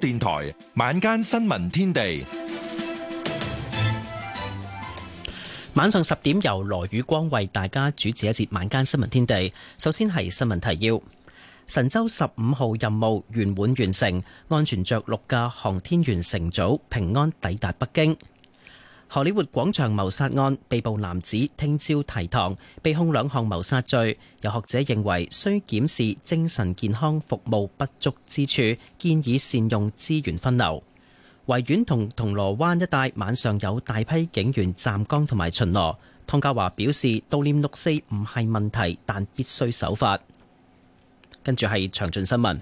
電台晚間新聞天地，晚上十點由羅宇光為大家主持一節晚間新聞天地。首先係新聞提要：神舟十五號任務圓滿完成，安全着陸嘅航天員乘組平安抵達北京。荷里活廣場謀殺案被捕男子聽朝提堂，被控兩項謀殺罪。有學者認為需檢視精神健康服務不足之處，建議善用資源分流。維園同銅鑼灣一帶晚上有大批警員站崗同埋巡邏。湯家驊表示悼念六四唔係問題，但必須守法。跟住係詳盡新聞。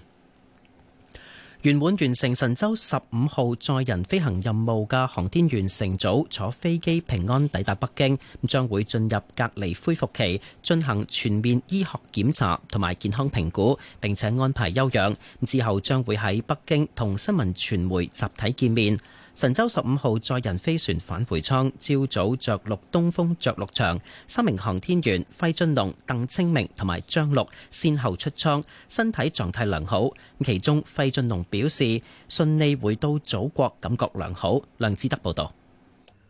圓滿完，完成神舟十五號載人飛行任務嘅航天員乘組，坐飛機平安抵達北京，將會進入隔離恢復期，進行全面醫學檢查同埋健康評估，並且安排休養。之後將會喺北京同新聞傳媒集體見面。神舟十五號載人飛船返回艙朝早着陸東風着陸場，三名航天員費俊龍、鄧清明同埋張陸先後出艙，身體狀態良好。其中費俊龍表示順利回到祖國，感覺良好。梁志德報道：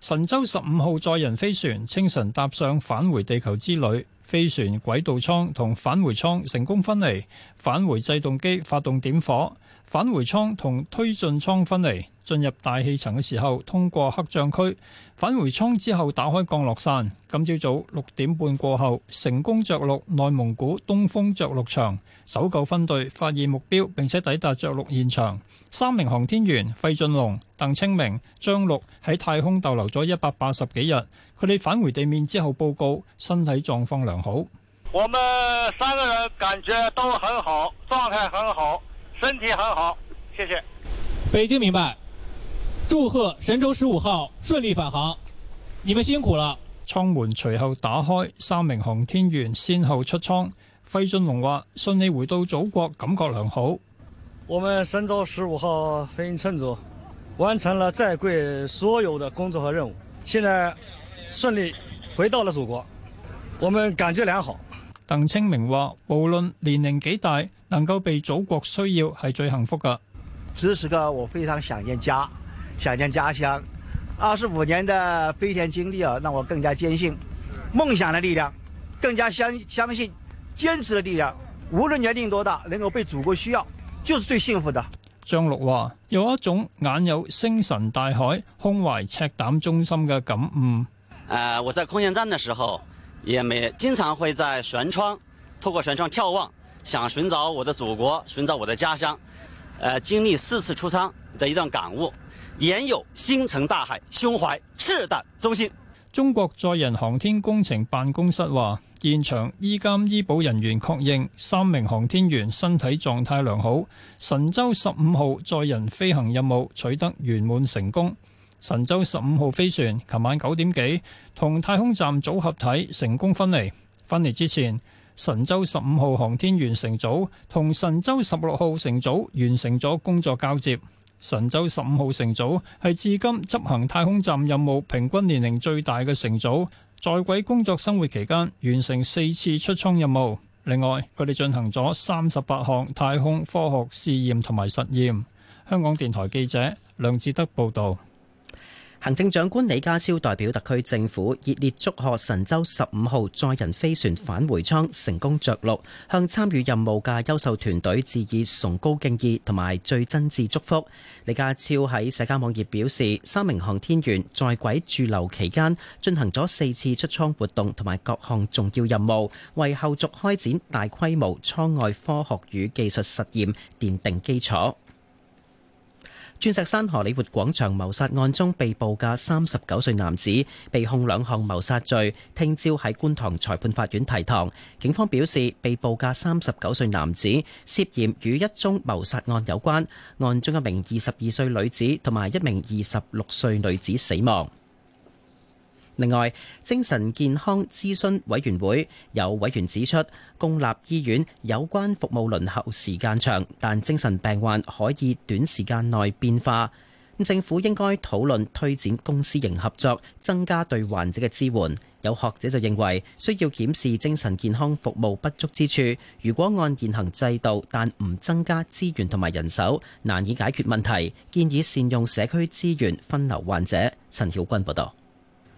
神舟十五號載人飛船清晨踏上返回地球之旅。飛船軌道艙同返回艙成功分離，返回制動機發動點火，返回艙同推進艙分離。進入大氣層嘅時候通過黑障區，返回艙之後打開降落傘。今朝早六點半過後成功着陸內蒙古東風着陸場，搜救分隊發現目標並且抵達着陸現場。三名航天員費俊龍、鄧清明、張陸喺太空逗留咗一百八十幾日。佢哋返回地面之後報告身體狀況良好。我們三個人感覺都很好，狀態很好，身體很好。謝謝。北京明白，祝賀神舟十五號順利返航，你們辛苦了。艙門隨後打開，三名航天員先後出艙，費俊龍話：順利回到祖國。感覺良好。我們神舟十五號飛行乘組完成了在軌所有的工作和任務。現在。順利回到了祖國，我們感覺良好。鄧清明話，無論年齡幾大，能夠被祖國需要係最幸福嘅。此時刻我非常想念家，想念家鄉。二十五年的飛天經歷啊，讓我更加堅信夢想的力量，更加相相信堅持的力量。無論年齡多大，能夠被祖國需要，就是最幸福的。張陸話，有一種眼有星辰大海，胸懷赤膽忠心嘅感悟。誒、啊，我在空間站的時候，也沒經常會在舷窗，透過舷窗眺望，想尋找我的祖國，尋找我的家鄉。誒、啊，經歷四次出艙的一段感悟，眼有星辰大海，胸懷赤膽忠心。中國載人航天工程辦公室話，現場醫監醫保人員確認三名航天員身體狀態良好，神舟十五號載人飛行任務取得圓滿成功。神舟十五號飛船琴晚九點幾同太空站組合體成功分離。分離之前，神舟十五號航天員乘組同神舟十六號乘組完成咗工作交接。神舟十五號乘組係至今執行太空站任務平均年齡最大嘅乘組，在軌工作生活期間完成四次出艙任務。另外，佢哋進行咗三十八項太空科學試驗同埋實驗。香港電台記者梁志德報道。行政長官李家超代表特區政府熱烈祝賀神舟十五號載人飛船返回艙成功着陸，向參與任務嘅優秀團隊致以崇高敬意同埋最真摯祝福。李家超喺社交網頁表示，三名航天員在軌駐留期間進行咗四次出艙活動同埋各項重要任務，為後續開展大規模艙外科學與技術實驗奠定基礎。鑽石山荷里活廣場謀殺案中被捕嘅三十九歲男子，被控兩項謀殺罪，聽朝喺觀塘裁判法院提堂。警方表示，被捕嘅三十九歲男子涉嫌與一宗謀殺案有關，案中一名二十二歲女子同埋一名二十六歲女子死亡。另外，精神健康諮詢委員會有委員指出，公立醫院有關服務輪候時間長，但精神病患可以短時間內變化。政府應該討論推展公私營合作，增加對患者嘅支援。有學者就認為需要檢視精神健康服務不足之處，如果按現行制度，但唔增加資源同埋人手，難以解決問題，建議善用社區資源分流患者。陳曉君報道。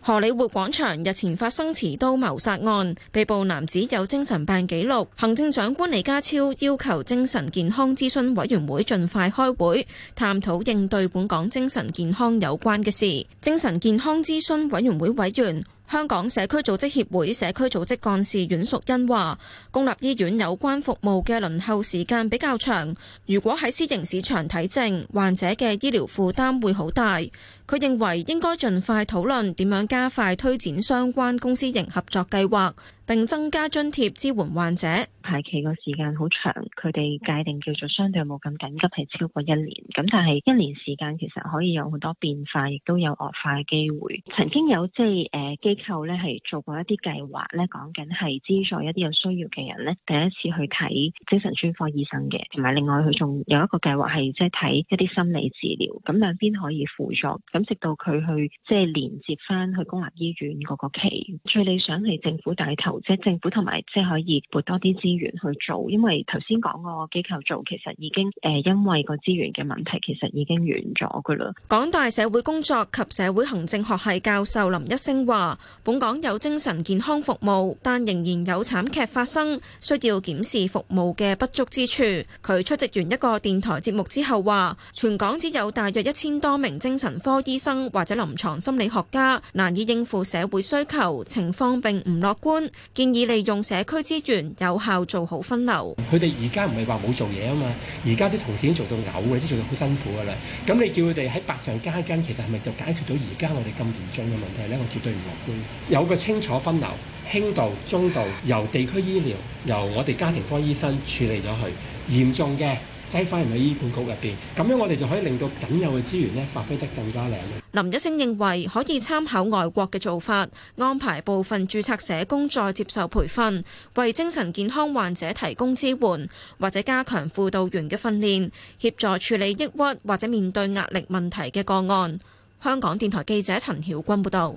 荷里活廣場日前發生持刀謀殺案，被捕男子有精神病記錄。行政長官李家超要求精神健康諮詢委員會盡快開會，探討應對本港精神健康有關嘅事。精神健康諮詢委員會委員、香港社區組織協會社區組織幹事阮淑欣話，公立醫院有關服務嘅輪候時間比較長，如果喺私營市場睇症，患者嘅醫療負擔會好大。佢認為應該盡快討論點樣加快推展相關公私營合作計劃，並增加津貼支援患者。排期個時間好長，佢哋界定叫做相對冇咁緊急，係超過一年。咁但係一年時間其實可以有好多變化，亦都有惡化嘅機會。曾經有即係誒機構咧係做過一啲計劃咧，講緊係資助一啲有需要嘅人咧，第一次去睇精神專科醫生嘅，同埋另外佢仲有一個計劃係即係睇一啲心理治療。咁兩邊可以輔助。咁直到佢去即係、就是、連接翻去公立醫院嗰個期，最理想係政府帶頭，即、就、係、是、政府同埋即係可以撥多啲資源去做，因為頭先講個機構做其實已經誒、呃、因為個資源嘅問題其實已經完咗噶啦。港大社會工作及社會行政學系教授林一星話，本港有精神健康服務，但仍然有慘劇發生，需要檢視服務嘅不足之處，佢出席完一個電台節目之後話，全港只有大約一千多名精神科。醫生或者臨床心理學家難以應付社會需求，情況並唔樂觀。建議利用社區資源，有效做好分流。佢哋而家唔係話冇做嘢啊嘛，而家啲同事已經做到嘔嘅，即做到好辛苦噶啦。咁你叫佢哋喺百上加斤，其實係咪就解決到而家我哋咁嚴重嘅問題呢？我絕對唔樂觀。有個清楚分流，輕度、中度由地區醫療，由我哋家庭科醫生處理咗佢。嚴重嘅。擠翻入去醫管局入邊，咁樣我哋就可以令到僅有嘅資源咧發揮得更加靚。林一聲認為可以參考外國嘅做法，安排部分註冊社工再接受培訓，為精神健康患者提供支援，或者加強輔導員嘅訓練，協助處理抑鬱或者面對壓力問題嘅個案。香港電台記者陳曉君報導。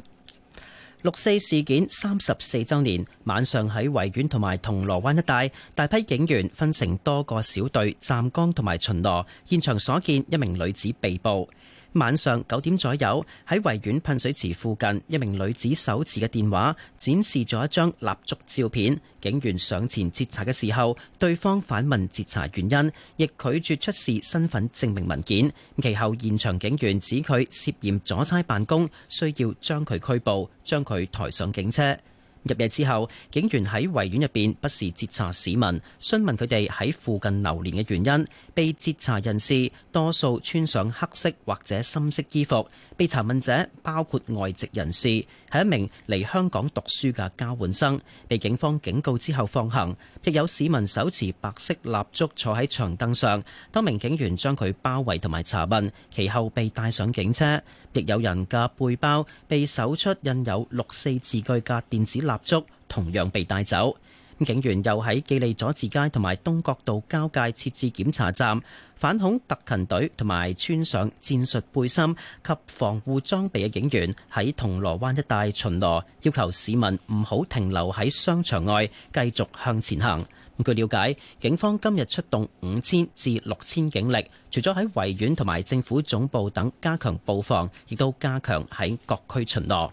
六四事件三十四周年，晚上喺維園同埋銅鑼灣一帶，大批警員分成多個小隊，站崗同埋巡邏，現場所見一名女子被捕。晚上九點左右，喺維園噴水池附近，一名女子手持嘅電話展示咗一張蠟燭照片。警員上前截查嘅時候，對方反問截查原因，亦拒絕出示身份證明文件。其後現場警員指佢涉嫌阻差辦公，需要將佢拘捕，將佢抬上警車。入夜之後，警員喺維園入邊，不時截查市民，詢問佢哋喺附近流連嘅原因。被截查人士多數穿上黑色或者深色衣服。被查問者包括外籍人士，係一名嚟香港讀書嘅交換生。被警方警告之後放行。亦有市民手持白色蠟燭坐喺長凳上，多名警員將佢包圍同埋查問，其後被帶上警車。亦有人嘅背包被搜出印有六四字句嘅電子蠟燭同樣被帶走。警員又喺紀利佐治街同埋東角道交界設置檢查站，反恐特勤隊同埋穿上戰術背心及防護裝備嘅警員喺銅鑼灣一帶巡邏，要求市民唔好停留喺商場外，繼續向前行。據了解，警方今日出動五千至六千警力，除咗喺維園同埋政府總部等加強佈防，亦都加強喺各區巡邏。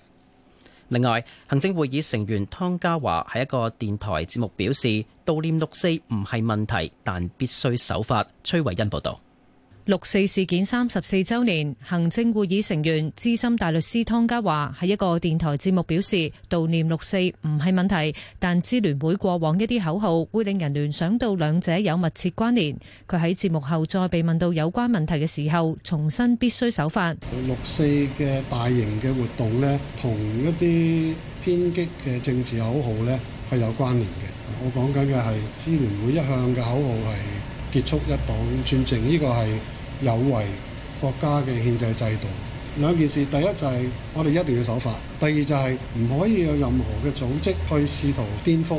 另外，行政會議成員湯家驊喺一個電台節目表示，悼念六四唔係問題，但必須守法。崔偉恩報道。六四事件三十四周年，行政會議成員資深大律師湯家驊喺一個電台節目表示，悼念六四唔係問題，但支聯會過往一啲口號會令人聯想到兩者有密切關聯。佢喺節目後再被問到有關問題嘅時候，重新必須守法。六四嘅大型嘅活動咧，同一啲偏激嘅政治口號咧係有關聯嘅。我講緊嘅係支聯會一向嘅口號係結束一黨專政，呢個係有違國家嘅憲制制度。兩件事，第一就係我哋一定要守法，第二就係唔可以有任何嘅組織去試圖顛覆。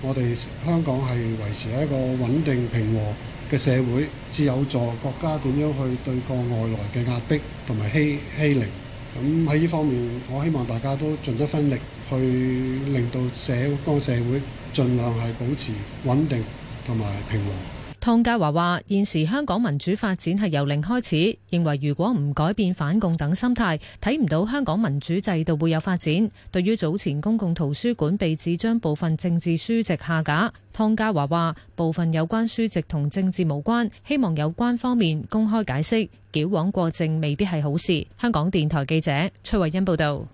我哋香港係維持一個穩定平和嘅社會，至有助國家點樣去對抗外來嘅壓迫同埋欺欺凌。咁喺呢方面，我希望大家都盡一分力，去令到社嗰、這個社會儘量係保持穩定同埋平和。湯家驊話：現時香港民主發展係由零開始，認為如果唔改變反共等心態，睇唔到香港民主制度會有發展。對於早前公共圖書館被指將部分政治書籍下架，湯家驊話：部分有關書籍同政治無關，希望有關方面公開解釋。矯枉過正未必係好事。香港電台記者崔慧欣報道。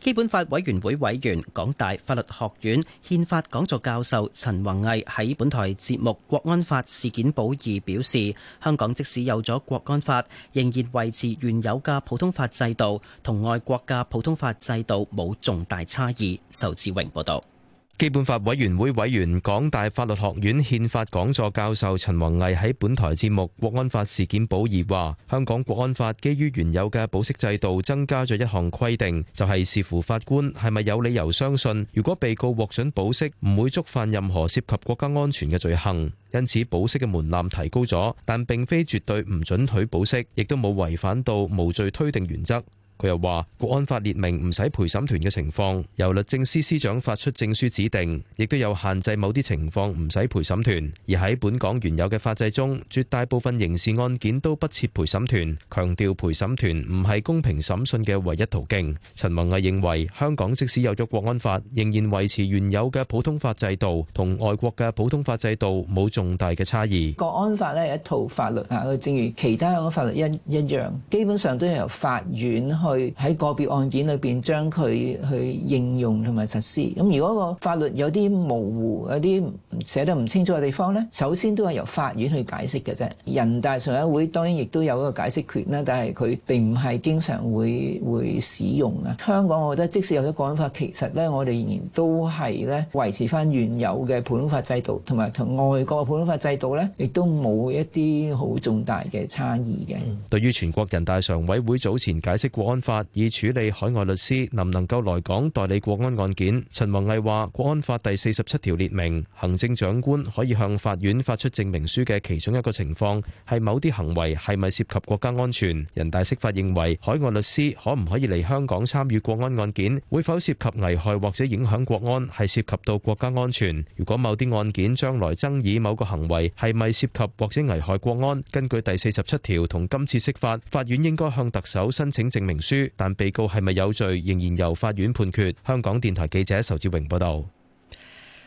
基本法委員會委員，港大法律學院憲法講座教授陳宏毅喺本台節目《國安法事件簿二》表示，香港即使有咗國安法，仍然維持原有嘅普通法制度，同外國嘅普通法制度冇重大差異，仇志榮報道。基本法委員會委員、港大法律學院憲法講座教授陳宏毅喺本台節目《國安法事件保二》話，香港國安法基於原有嘅保釋制度，增加咗一項規定，就係視乎法官係咪有理由相信，如果被告獲准保釋，唔會觸犯任何涉及國家安全嘅罪行。因此，保釋嘅門檻提高咗，但並非絕對唔准許保釋，亦都冇違反到無罪推定原則。佢又話：國安法列明唔使陪審團嘅情況，由律政司司長發出證書指定，亦都有限制某啲情況唔使陪審團。而喺本港原有嘅法制中，絕大部分刑事案件都不設陪審團。強調陪審團唔係公平審訊嘅唯一途徑。陳弘毅認為，香港即使有咗國安法，仍然維持原有嘅普通法制度同外國嘅普通法制度冇重大嘅差異。國安法呢，係一套法律啊，佢正如其他香港法律一一樣，基本上都係由法院。去喺個別案件裏邊將佢去應用同埋實施。咁如果個法律有啲模糊，有啲寫得唔清楚嘅地方咧，首先都係由法院去解釋嘅啫。人大常委會當然亦都有一個解釋權啦，但係佢並唔係經常會會使用啊，香港，我覺得即使有咗《國安法》，其實咧我哋仍然都係咧維持翻原有嘅《普通法》制度，同埋同外國嘅《普通法》制度咧，亦都冇一啲好重大嘅差異嘅。對於全國人大常委會早前解釋國安。法以處理海外律師能唔能夠來港代理國安案件？陳弘毅話：國安法第四十七條列明，行政長官可以向法院發出證明書嘅其中一個情況係某啲行為係咪涉及國家安全。人大釋法認為，海外律師可唔可以嚟香港參與國安案件，會否涉及危害或者影響國安，係涉及到國家安全。如果某啲案件將來爭議某個行為係咪涉及或者危害國安，根據第四十七條同今次釋法，法院應該向特首申請證明。但被告係咪有罪，仍然由法院判決。香港電台記者仇志榮報道。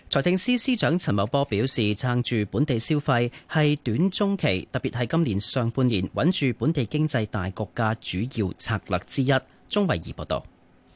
財政司司長陳茂波表示，撐住本地消費係短中期，特別係今年上半年穩住本地經濟大局嘅主要策略之一。鍾維儀報道。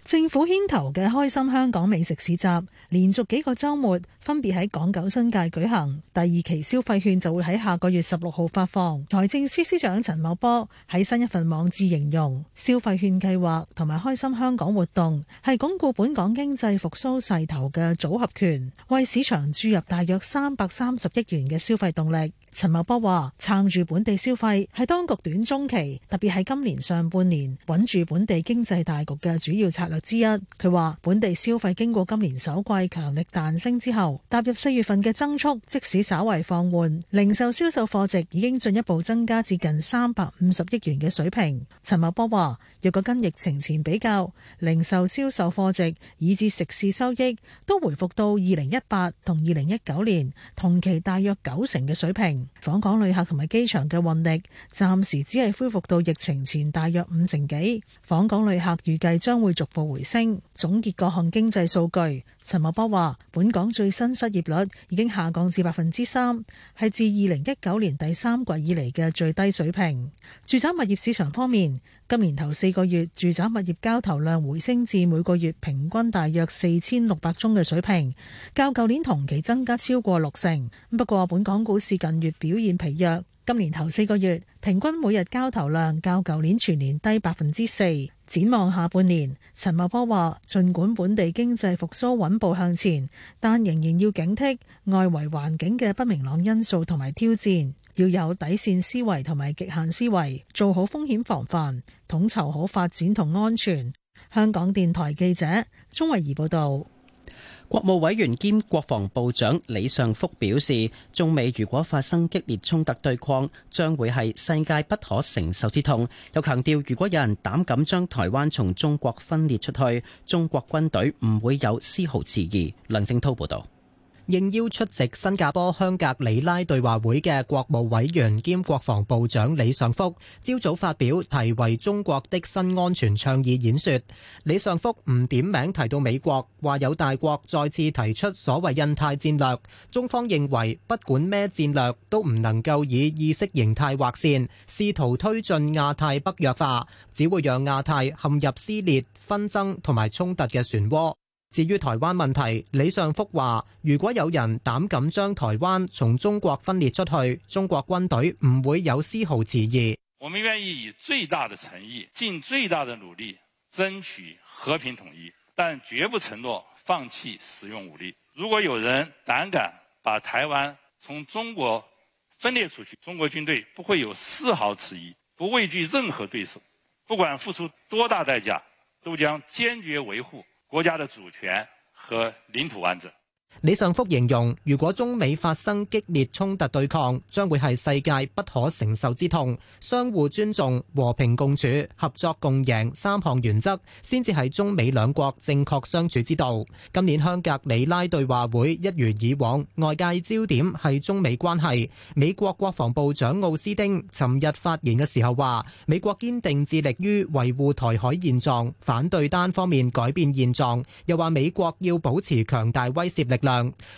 政府牽頭嘅開心香港美食市集，連續幾個周末分別喺港九新界舉行。第二期消費券就會喺下個月十六號發放。財政司司長陳茂波喺新一份網誌形容，消費券計劃同埋開心香港活動係鞏固本港經濟復蘇勢頭嘅組合拳，為市場注入大約三百三十億元嘅消費動力。陳茂波話：撐住本地消費係當局短中期，特別係今年上半年穩住本地經濟大局嘅主要策略之一。佢話本地消費經過今年首季強力彈升之後，踏入四月份嘅增速即使稍為放緩，零售銷售貨值已經進一步增加至近三百五十億元嘅水平。陳茂波話：若果跟疫情前比較，零售銷售貨值以至食肆收益都回復到二零一八同二零一九年同期大約九成嘅水平。訪港旅客同埋機場嘅運力暫時只係恢復到疫情前大約五成幾。訪港旅客預計將會逐步回升。總結各項經濟數據。陳茂波話，本港最新失業率已經下降至百分之三，係自二零一九年第三季以嚟嘅最低水平。住宅物業市場方面，今年頭四個月住宅物業交投量回升至每個月平均大約四千六百宗嘅水平，較舊年同期增加超過六成。不過，本港股市近月表現疲弱，今年頭四個月平均每日交投量較舊年全年低百分之四。展望下半年，陳茂波話儘管本地經濟復甦穩步向前，但仍然要警惕外圍環境嘅不明朗因素同埋挑戰，要有底線思維同埋極限思維，做好風險防範，統籌好發展同安全。香港電台記者鍾慧儀報道。國務委員兼國防部長李尚福表示，中美如果發生激烈衝突對抗，將會係世界不可承受之痛。又強調，如果有人膽敢將台灣從中國分裂出去，中國軍隊唔會有絲毫遲疑。梁正濤報道。應邀出席新加坡香格里拉對話會嘅國務委員兼國防部長李尚福朝早發表題為中國的新安全倡議演說。李尚福唔點名提到美國話，有大國再次提出所謂印太戰略，中方認為不管咩戰略都唔能夠以意識形態劃線，試圖推進亞太北約化，只會讓亞太陷入撕裂紛爭同埋衝突嘅漩渦。至於台灣問題，李尚福話：如果有人膽敢將台灣從中國分裂出去，中國軍隊唔會有絲毫遲疑。我們願意以最大的誠意，盡最大的努力，爭取和平統一，但絕不承諾放棄使用武力。如果有人膽敢把台灣從中國分裂出去，中國軍隊不會有絲毫遲疑，不畏懼任何對手，不管付出多大代價，都將堅決維護。國家的主權和領土完整。李尚福形容，如果中美發生激烈衝突對抗，將會係世界不可承受之痛。相互尊重、和平共處、合作共贏三項原則先至係中美兩國正確相處之道。今年香格里拉對話會一如以往，外界焦點係中美關係。美國國防部長奧斯汀尋日發言嘅時候話，美國堅定致力於維護台海現狀，反對單方面改變現狀，又話美國要保持強大威懾力。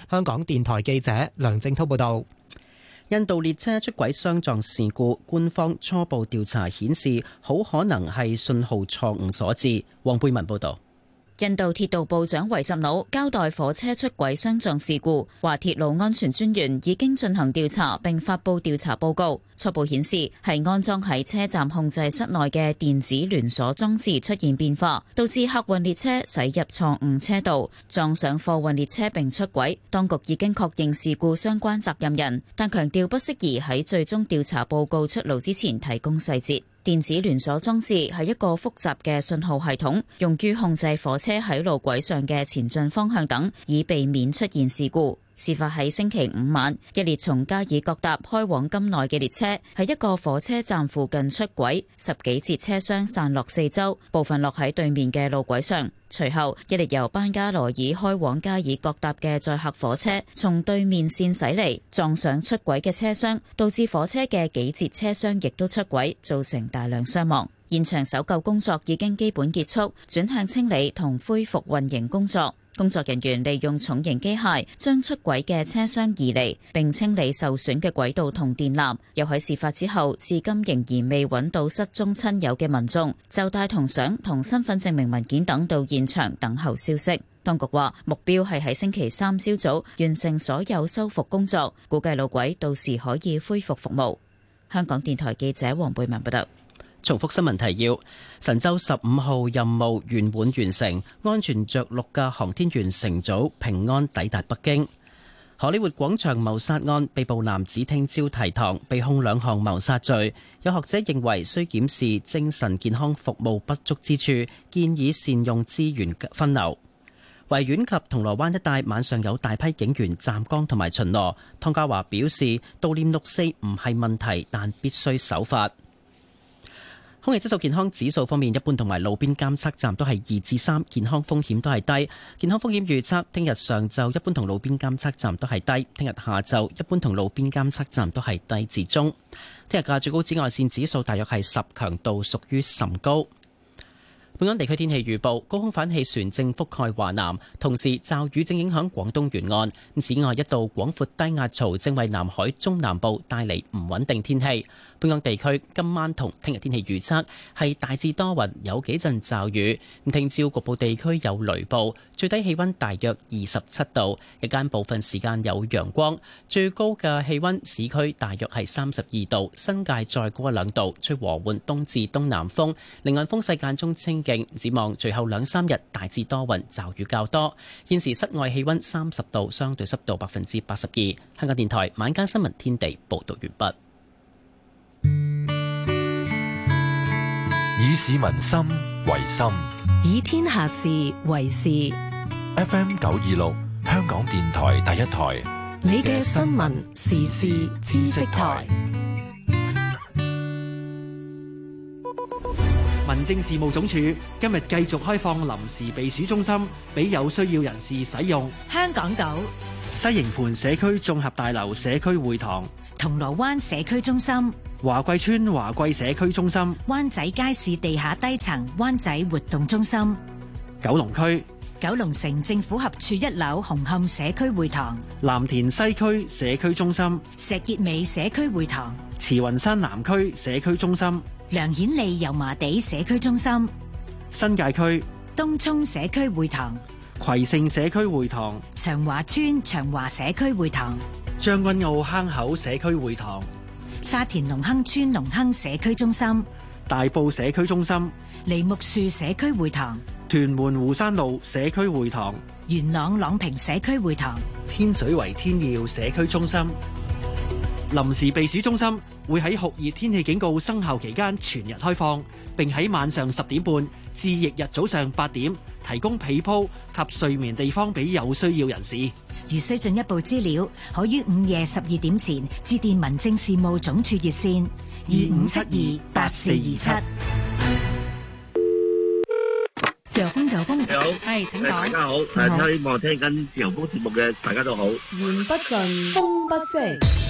香港電台記者梁正濤報道：印度列車出軌相撞事故，官方初步調查顯示，好可能係信號錯誤所致。黃佩文報道。印度鐵道部長維什瑙交代火車出軌相撞事故，話鐵路安全專員已經進行調查並發布調查報告，初步顯示係安裝喺車站控制室內嘅電子聯鎖裝置出現變化，導致客運列車駛入錯誤車道，撞上貨運列車並出軌。當局已經確認事故相關責任人，但強調不適宜喺最終調查報告出爐之前提供細節。電子聯鎖裝置係一個複雜嘅信號系統，用於控制火車喺路軌上嘅前進方向等，以避免出現事故。事發喺星期五晚，一列從加爾各答開往金奈嘅列車喺一個火車站附近出軌，十幾節車廂散落四周，部分落喺對面嘅路軌上。隨後，一列由班加羅爾開往加爾各答嘅載客火車從對面綫駛嚟，撞上出軌嘅車廂，導致火車嘅幾節車廂亦都出軌，造成大量傷亡。現場搜救工作已經基本結束，轉向清理同恢復運營工作。工作人員利用重型機械將出軌嘅車廂移離，並清理受損嘅軌道同電纜。又喺事發之後，至今仍然未揾到失蹤親友嘅民眾，就帶同相同身份證明文件等到現場等候消息。當局話目標係喺星期三朝早完成所有修復工作，估計路軌到時可以恢復服務。香港電台記者黃貝文報道。重複新聞提要：神舟十五號任務圓滿完成，安全着陸嘅航天員乘組平安抵達北京。荷里活廣場謀殺案被捕男子聽朝提堂，被控兩項謀殺罪。有學者認為，需檢視精神健康服務不足之處，建議善用資源分流。維園及銅鑼灣一帶晚上有大批警員站崗同埋巡邏。湯家驊表示，悼念六四唔係問題，但必須守法。空氣質素健康指數方面，一般同埋路邊監測站都係二至三，健康風險都係低。健康風險預測，聽日上晝一般同路邊監測站都係低，聽日下晝一般同路邊監測站都係低至中。聽日嘅最高紫外線指數大約係十，強度屬於甚高。本港地區天氣預報，高空反氣旋正覆蓋華南，同時驟雨正影響廣東沿岸。此外一道廣闊低壓槽正為南海中南部帶嚟唔穩定天氣。本港地區今晚同聽日天氣預測係大致多雲，有幾陣驟雨。聽朝局部地區有雷暴，最低氣温大約二十七度，日間部分時間有陽光，最高嘅氣温市區大約係三十二度，新界再高一兩度。吹和緩東至東南風，另外風勢間中清勁。展望最後兩三日大致多雲，驟雨較多。現時室外氣温三十度，相對濕度百分之八十二。香港電台晚間新聞天地報道完畢。以市民心為心，以天下事為事。FM 九二六，香港電台第一台，你嘅新聞時事知識台。民政事務總署今日繼續開放臨時避暑中心，俾有需要人士使用。香港島西營盤社區綜合大樓社區會堂、銅鑼灣社區中心。、華貴村華貴社區中心、灣仔街市地下低層灣仔活動中心、九龍區、九龍城政府合署一樓紅磡社區會堂、藍田西區社區中心、石硤尾社區會堂、慈雲山南區社區中心、梁顯利油麻地社區中心、新界區東涌社區會堂、葵盛社區會堂、長華村長華社區會堂、將軍澳坑口社區會堂。沙田隆亨村隆亨社區中心、大埔社區中心、梨木樹社區會堂、屯門湖山路社區會堂、元朗朗屏社區會堂、天水圍天耀社區中心、臨時避暑中心會喺酷熱天氣警告生效期間全日開放，並喺晚上十點半至翌日早上八點提供被鋪及睡眠地方俾有需要人士。如需進一步資料，可於午夜十二點前致電民政事務總署熱線二五七二八四二七。自由風，自由風。你好，係，請講。大家好，係希望聽緊自由風節目嘅大家都好。言不盡，風不息。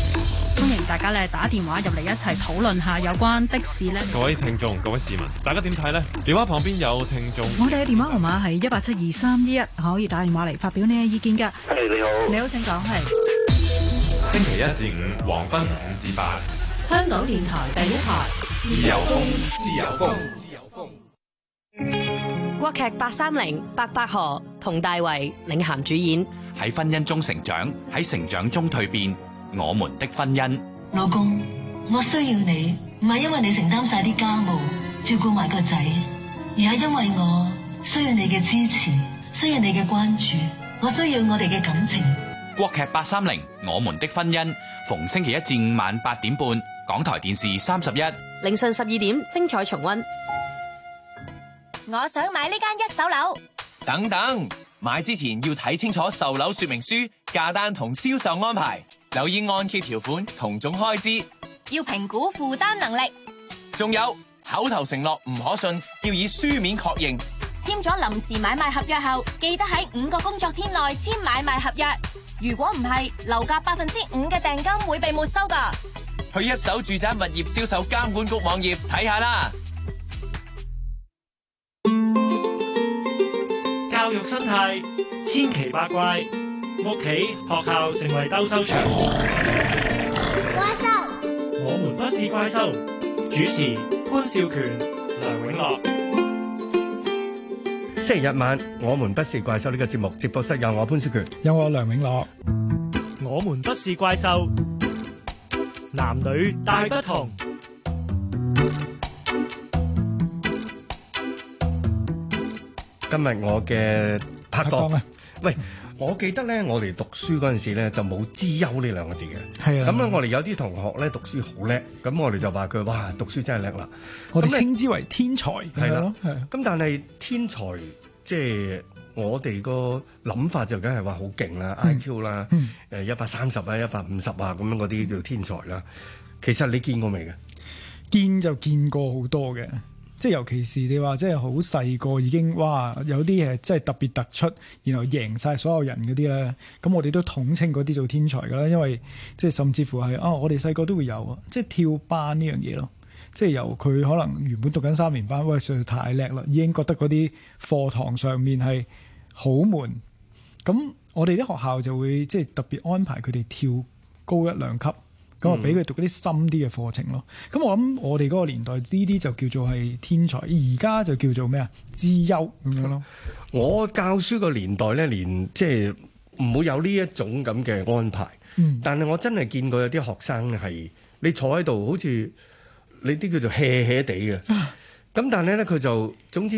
歡迎大家咧打電話入嚟一齊討論下有關的士呢。各位聽眾、各位市民，大家點睇呢？電話旁邊有聽眾。我哋嘅電話號碼係一八七二三一一，可以打電話嚟發表你嘅意見噶。你好。你好，請講。係星期一至五黃昏五至八。香港電台第一台。自由風，自由風，自由風。國劇八三零，白百何、佟大為領銜主演。喺婚姻中成長，喺成長中蛻變。我們的婚姻，老公，我需要你，唔係因為你承擔晒啲家務，照顧埋個仔，而係因為我需要你嘅支持，需要你嘅關注，我需要我哋嘅感情。國劇八三零，我們的婚姻，逢星期一至五晚八點半，港台電視三十一，凌晨十二點精彩重温。我想買呢間一手樓，等等，買之前要睇清楚售樓說明書、價單同銷售安排。留意按揭條款，同種開支要評估負擔能力。仲有口頭承諾唔可信，要以書面確認。簽咗臨時買賣合約後，記得喺五個工作天內簽買賣合約。如果唔係，樓價百分之五嘅訂金會被沒收噶。去一手住宅物業銷售監管局網頁睇下啦。看看教育生態千奇百怪。屋企、學校成為鬥獸場，怪獸。我們不是怪獸。主持潘少權、梁永樂。星期日晚，我們不是怪獸呢個節目，直播室有我潘少權，有我梁永樂。我們不是怪獸，男女大不同。今日我嘅拍檔啊，喂。我記得咧，我哋讀書嗰陣時咧就冇資優呢兩個字嘅。係啊。的，咁咧我哋有啲同學咧讀書好叻，咁我哋就話佢哇讀書真係叻啦，我哋稱之為天才係啦。係，咁但係天才即係我哋個諗法就梗係話好勁啦，I Q 啦，誒一百三十啊，一百五十啊，咁樣嗰啲叫天才啦。其實你見過未嘅？見就見過好多嘅。即係尤其是你話即係好細個已經哇有啲嘢即係特別突出，然後贏晒所有人嗰啲咧，咁我哋都統稱嗰啲做天才㗎啦。因為即係甚至乎係啊、哦，我哋細個都會有啊，即係跳班呢樣嘢咯。即係由佢可能原本讀緊三年班，喂、哎，實在太叻啦，已經覺得嗰啲課堂上面係好悶。咁我哋啲學校就會即係特別安排佢哋跳高一兩級。咁、嗯、我俾佢讀啲深啲嘅課程咯。咁我諗我哋個年代呢啲就叫做係天才，而家就叫做咩啊？資優咁樣咯。我教書個年代咧，連即係唔會有呢一種咁嘅安排。嗯、但係我真係見過有啲學生係你坐喺度，好似你啲叫做 hea hea 哋嘅。咁唉但係咧，佢就總之。